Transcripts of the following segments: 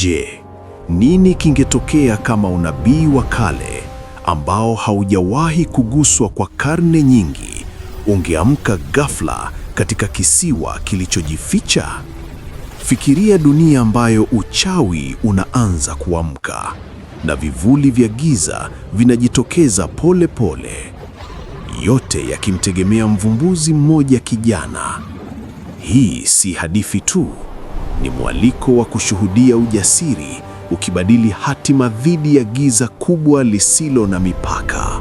Je, nini kingetokea kama unabii wa kale ambao haujawahi kuguswa kwa karne nyingi ungeamka ghafla katika kisiwa kilichojificha? Fikiria dunia ambayo uchawi unaanza kuamka na vivuli vya giza vinajitokeza pole pole, yote yakimtegemea mvumbuzi mmoja kijana. Hii si hadithi tu ni mwaliko wa kushuhudia ujasiri ukibadili hatima dhidi ya giza kubwa lisilo na mipaka.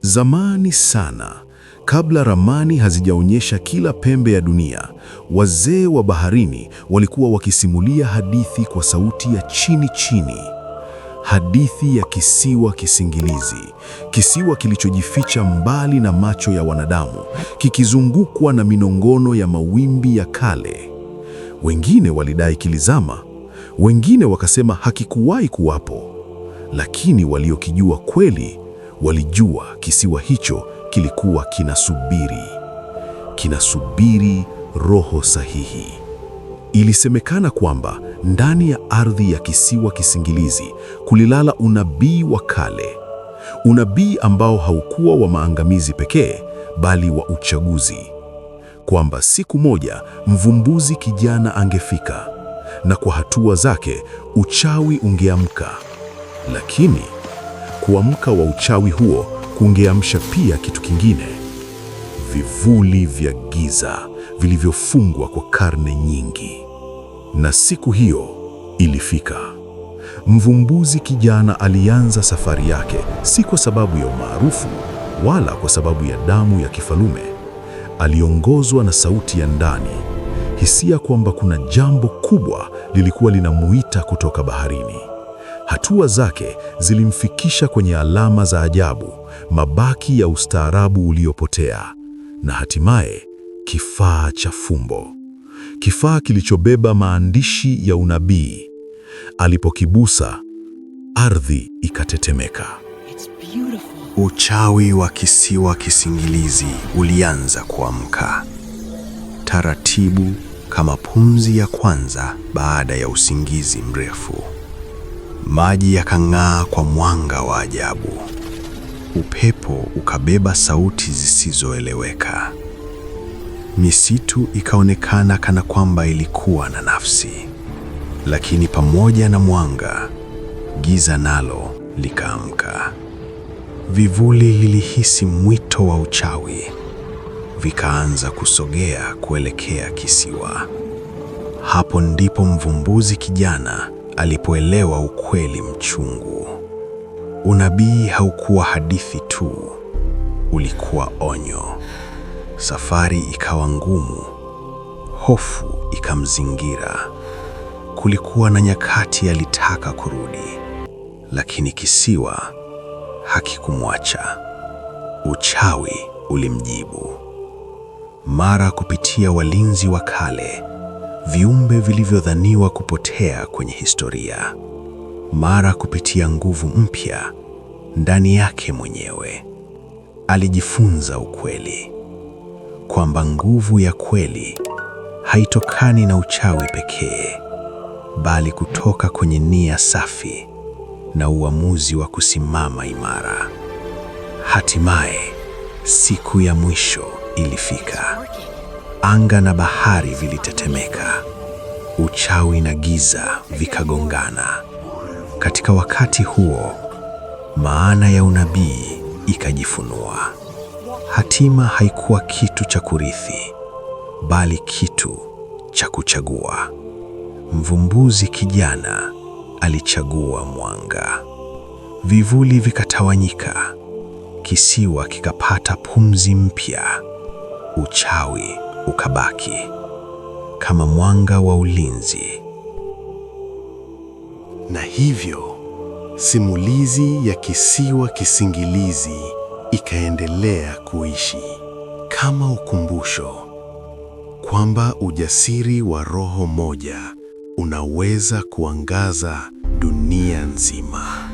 Zamani sana, kabla ramani hazijaonyesha kila pembe ya dunia, wazee wa baharini walikuwa wakisimulia hadithi kwa sauti ya chini chini hadithi ya kisiwa kisingilizi, kisiwa kilichojificha mbali na macho ya wanadamu, kikizungukwa na minongono ya mawimbi ya kale. Wengine walidai kilizama, wengine wakasema hakikuwahi kuwapo, lakini waliokijua kweli walijua kisiwa hicho kilikuwa kinasubiri, kinasubiri roho sahihi. Ilisemekana kwamba ndani ya ardhi ya kisiwa Kisingilizi kulilala unabii wa kale, unabii ambao haukuwa wa maangamizi pekee, bali wa uchaguzi, kwamba siku moja mvumbuzi kijana angefika na kwa hatua zake uchawi ungeamka. Lakini kuamka wa uchawi huo kungeamsha pia kitu kingine, vivuli vya giza vilivyofungwa kwa karne nyingi na siku hiyo ilifika. Mvumbuzi kijana alianza safari yake, si kwa sababu ya umaarufu wala kwa sababu ya damu ya kifalume. Aliongozwa na sauti ya ndani, hisia kwamba kuna jambo kubwa lilikuwa linamuita kutoka baharini. Hatua zake zilimfikisha kwenye alama za ajabu, mabaki ya ustaarabu uliopotea, na hatimaye kifaa cha fumbo kifaa kilichobeba maandishi ya unabii. Alipokibusa, ardhi ikatetemeka. Uchawi wa kisiwa kisingilizi ulianza kuamka taratibu, kama pumzi ya kwanza baada ya usingizi mrefu. Maji yakang'aa kwa mwanga wa ajabu. Upepo ukabeba sauti zisizoeleweka misitu ikaonekana kana kwamba ilikuwa na nafsi. Lakini pamoja na mwanga, giza nalo likaamka. Vivuli lilihisi mwito wa uchawi, vikaanza kusogea kuelekea kisiwa. Hapo ndipo mvumbuzi kijana alipoelewa ukweli mchungu. Unabii haukuwa hadithi tu, ulikuwa onyo. Safari ikawa ngumu, hofu ikamzingira. Kulikuwa na nyakati alitaka kurudi, lakini kisiwa hakikumwacha. Uchawi ulimjibu. Mara kupitia walinzi wa kale, viumbe vilivyodhaniwa kupotea kwenye historia, mara kupitia nguvu mpya ndani yake mwenyewe, alijifunza ukweli kwamba nguvu ya kweli haitokani na uchawi pekee, bali kutoka kwenye nia safi na uamuzi wa kusimama imara. Hatimaye siku ya mwisho ilifika. Anga na bahari vilitetemeka, uchawi na giza vikagongana. Katika wakati huo, maana ya unabii ikajifunua. Hatima haikuwa kitu cha kurithi, bali kitu cha kuchagua. Mvumbuzi kijana alichagua mwanga. Vivuli vikatawanyika, kisiwa kikapata pumzi mpya, uchawi ukabaki kama mwanga wa ulinzi. Na hivyo simulizi ya Kisiwa Kisingilizi ikaendelea kuishi kama ukumbusho kwamba ujasiri wa roho moja unaweza kuangaza dunia nzima.